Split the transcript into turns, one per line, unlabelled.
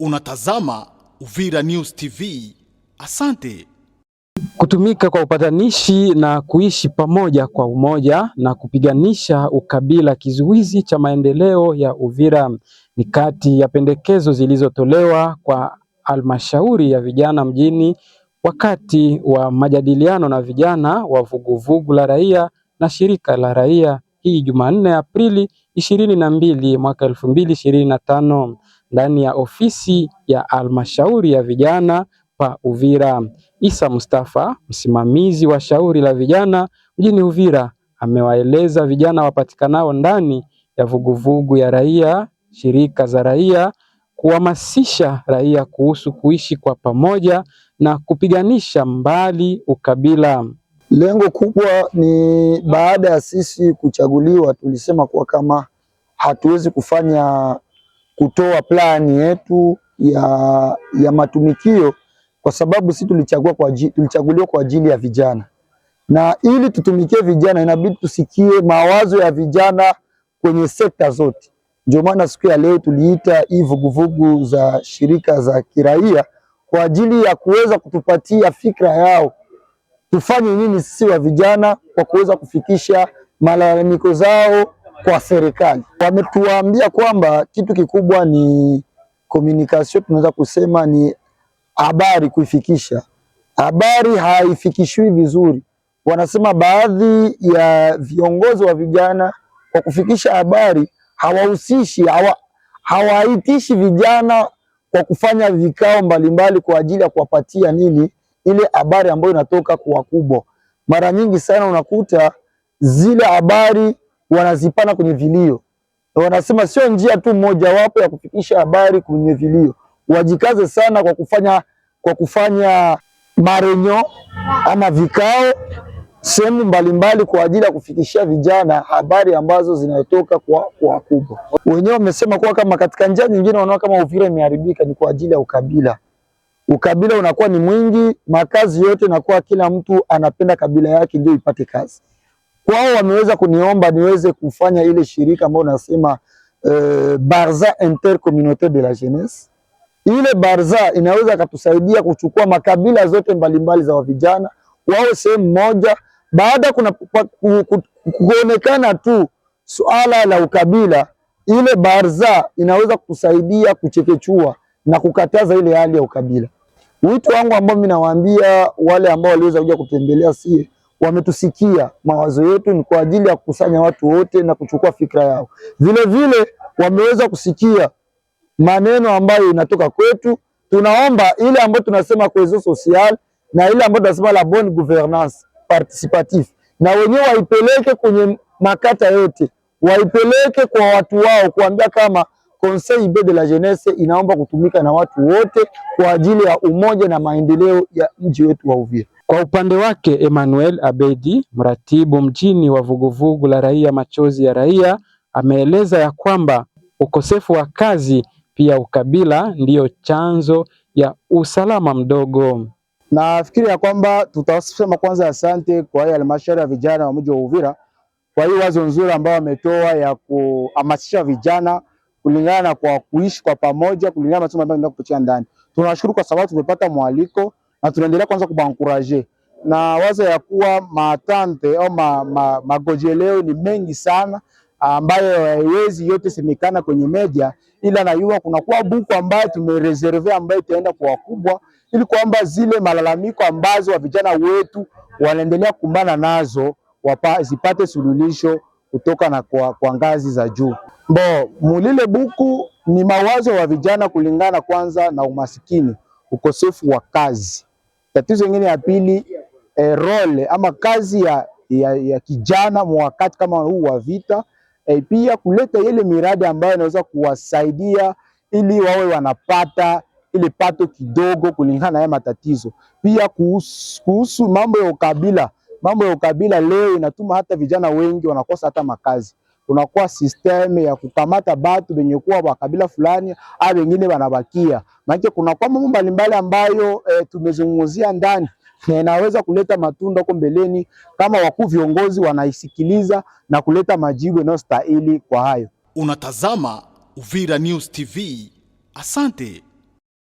Unatazama Uvira News TV. Asante.
Kutumika kwa upatanishi na kuishi pamoja kwa umoja na kupiganisha ukabila, kizuizi cha maendeleo ya Uvira, ni kati ya pendekezo zilizotolewa kwa halmashauri ya vijana mjini wakati wa majadiliano na vijana wa vuguvugu la raia na shirika la raia hii Jumanne Aprili ishirini na mbili mwaka elfu mbili ishirini na tano ndani ya ofisi ya halmashauri ya vijana pa Uvira. Isa Mustafa, msimamizi wa shauri la vijana mjini Uvira, amewaeleza vijana wapatikanao ndani ya vuguvugu ya raia, shirika za raia kuhamasisha raia kuhusu kuishi kwa pamoja na kupiganisha mbali ukabila.
Lengo kubwa ni baada ya sisi kuchaguliwa, tulisema kuwa kama hatuwezi kufanya kutoa plani yetu ya, ya matumikio kwa sababu sisi tulichagua kwa tulichaguliwa kwa ajili ya vijana, na ili tutumikie vijana inabidi tusikie mawazo ya vijana kwenye sekta zote. Ndio maana siku ya leo tuliita hii vuguvugu za shirika za kiraia kwa ajili ya kuweza kutupatia fikra yao tufanye nini sisi wa vijana kwa kuweza kufikisha malalamiko zao kwa serikali. Wametuambia kwamba kitu kikubwa ni communication, tunaweza kusema ni habari kuifikisha. Habari haifikishwi vizuri, wanasema baadhi ya viongozi wa vijana kwa kufikisha habari hawahusishi hawa, hawaitishi vijana kwa kufanya vikao mbalimbali kwa ajili ya kuwapatia nini ile habari ambayo inatoka kwa wakubwa. Mara nyingi sana unakuta zile habari wanazipana kwenye vilio, wanasema sio njia tu mojawapo ya kufikisha habari kwenye vilio. Wajikaze sana kwa kufanya, kwa kufanya marenyo ama vikao sehemu mbalimbali kwa ajili ya kufikishia vijana habari ambazo zinatoka kwa wakubwa. Wenyewe wamesema kuwa kama katika njia nyingine wanaona kama Uvira imeharibika ni kwa ajili ya ukabila ukabila unakuwa ni mwingi, makazi yote inakuwa kila mtu anapenda kabila yake ndio ipate kazi. Kwao wameweza kuniomba niweze kufanya ile shirika ambayo nasema uh, Barza Intercommunautaire de la Jeunesse. Ile Barza inaweza katusaidia kuchukua makabila zote mbalimbali za wavijana wao sehemu moja, baada kuna kuonekana tu suala la ukabila, ile Barza inaweza kutusaidia kuchekechua na kukataza ile hali ya ukabila. Wito wangu ambao mimi nawaambia wale ambao waliweza kuja kutembelea sie wametusikia mawazo yetu, ni kwa ajili ya kukusanya watu wote na kuchukua fikra yao. Vile vile wameweza kusikia maneno ambayo inatoka kwetu. Tunaomba ile ambayo tunasema kwezo social na ile ambayo tunasema la bonne gouvernance participative, na wenyewe waipeleke kwenye makata yote, waipeleke kwa watu wao, kuambia kama Conseil B de la Jeunesse inaomba kutumika na watu wote kwa ajili ya umoja na maendeleo ya mji wetu wa Uvira.
Kwa upande wake Emmanuel Abedi, mratibu mjini wa vuguvugu la raia machozi ya raia, ameeleza ya kwamba ukosefu wa kazi pia ukabila ndiyo chanzo ya usalama mdogo.
Nafikiri ya kwamba tutasema kwanza asante kwa hii halmashauri ya vijana wa mji wa Uvira kwa hii wazo nzuri ambao wametoa ya kuhamasisha vijana kulingana na kwa kuishi kwa pamoja, kulingana na masomo ambayo tunaenda kupitia ndani. Tunashukuru kwa sababu tumepata mwaliko na tunaendelea kwanza kubankuraje na waza ya kuwa matante au ma, ma, magojeleo ni mengi sana ambayo haiwezi yote semekana kwenye media, ila najua kunakuwa buku ambayo tumereserve ambayo itaenda kwa wakubwa, ili kwamba zile malalamiko ambazo wa vijana wetu wanaendelea kukumbana nazo wapa, zipate suluhisho kutoka na kwa, kwa ngazi za juu. Bo mulile buku ni mawazo wa vijana kulingana kwanza na umasikini, ukosefu wa kazi. Tatizo lingine ya pili eh, role ama kazi ya, ya, ya kijana mwakati kama huu wa vita eh, pia kuleta ile miradi ambayo inaweza kuwasaidia ili wawe wanapata ile pato kidogo kulingana na matatizo. Pia kuhusu, kuhusu mambo ya ukabila Mambo ya ukabila leo inatuma hata vijana wengi wanakosa hata makazi. Kunakuwa system ya kukamata batu benye kuwa wa kabila fulani au wengine wanabakia. Maana kwa mambo mbalimbali ambayo e, tumezungumzia ndani na inaweza kuleta matunda huko mbeleni kama wakuu viongozi wanaisikiliza na kuleta majibu yanayostahili kwa hayo.
Unatazama Uvira News TV. Asante.